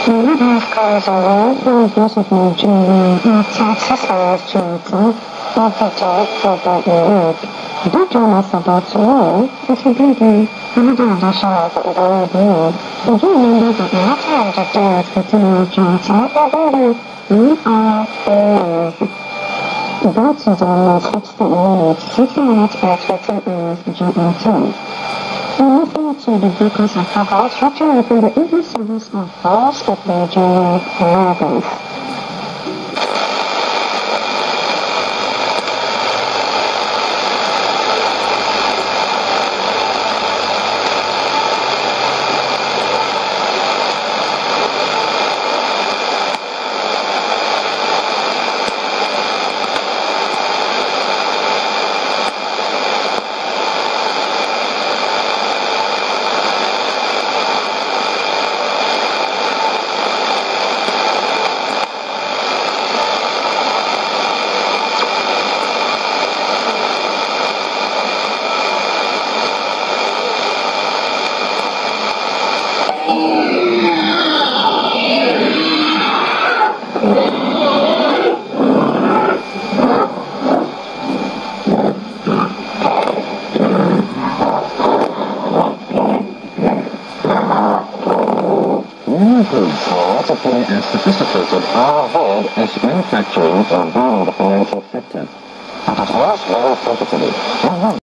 These all Don't about i the very Do you that do We are 60 minutes, 60 minutes past minutes GMT can penetrate the vocals of adults, reaching within the English service of most of major Americans. includes morality and sophisticated are involved as manufacturing of the financial sector. It is not very